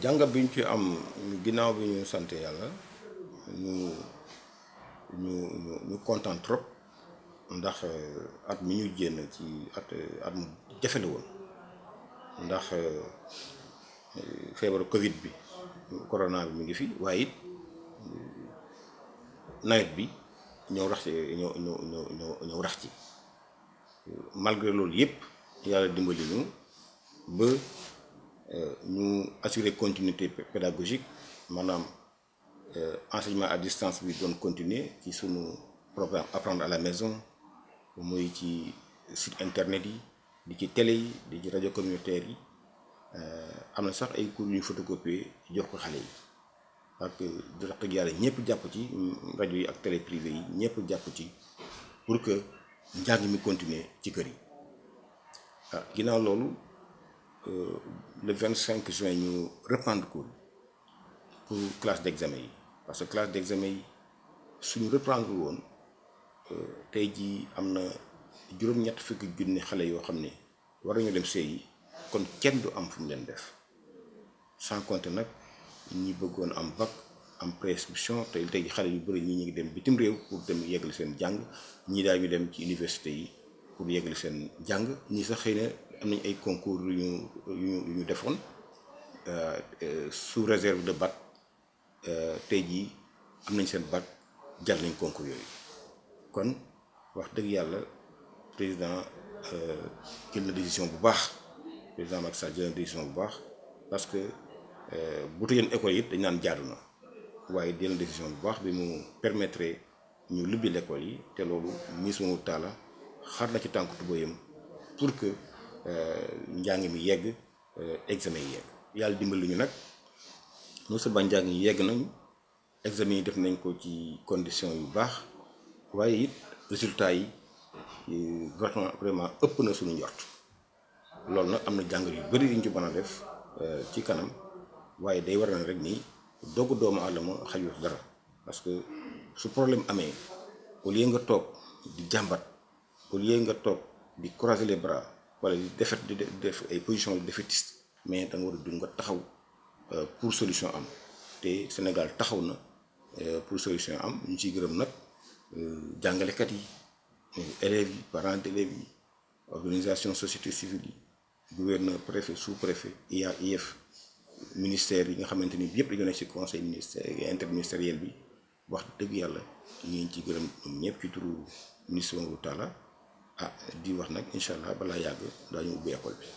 jàngat bi ñu ci am ginnaaw bi ñu sant yàlla ñu ñu ñu kontaan trop ndax euh, at mi ñu jénn ci at euh, at mu jafe la woon ndax euh, feebaru Covid bi corona bi mu ngi fi waaye it nawet bi ñëw rax ci ñëw ci malgré loolu yëpp yàlla dimbali ñu ba. Euh, nous assurer continuité pédagogique euh, enseignement à distance bi doon continuer ci sunu programmes apprendre à la maison muy ci site internet yi télé yi radio ci communautaire yi euh, am na sax ay cours photocopier jox ko parce que nous tax des yàlla ñëpp jàpp ci rajo yi télé privé yi pour que nous mi continuer ci kër yi ah loolu. Euh, le 25 juin ñu reprendre cours pour classe d'examen parce que classe d'examen yi suñu reprendre woon euh, tey jii am na juróom-ñett fukki junni xale yoo war nañu dem see kon kenn du am fu mu def sans compter nag ñi bëggoon am bac am prescription te tey xale yu bëri ñi ñu dem bitim réew pour dem yeggali seen jàng ñii daal ñu dem ci université yi pour yeggali seen jàng ñii sax xëy am ay concours yu yu yu ñu euh, euh sous réserve de bac euh jii am nañ seen bac jar nañ concours yooyu kon wax deug yalla président euh, jël na décision bu baax président Macky Sall jël décision bu baax parce que euh, bu tëjoon école yi dañ naan jaadu waye waaye jël na décision bu baax bi mu permettre ñu lubbi l'école yi té lolu ministre taala xarna ci tànk tubéyam pour que. Euh, njàng mi yegg euh, examen yi yegg yàlla dimbali ñu nag non seulement njàng yi yegg nañ examen yi def nañ ko ci condition yu baax waaye it résultat yi euh, vraiment vraiment ëpp na suñu njort loolu nag am na jàngat yu bëri yuñ ci mën a def ci kanam waaye day war na rek nii dogg doomu aadama xajul dara parce que su problème amee au lieu nga toog di jàmbat au lieu nga toog di croiser les bras voilà di defet di def ay position défaitiste mais da nga war a dund nga taxaw euh, pour solution am té Sénégal taxaw na euh, pour solution am ñu ciy gërëm nag euh, kat yi élèves yi parents élèves yi organisation société civile yi gouverneur préfet sous-préfet IA IF ministère yi nga xamante ni yëpp dañoo ci conseil ministère interministériel bi wax dëgg yàlla ñu ngi ci gërëm ñëpp ci turu ministre Mamadou ah di wax nag incha allah balaa yàgg daañu ubbi école bi.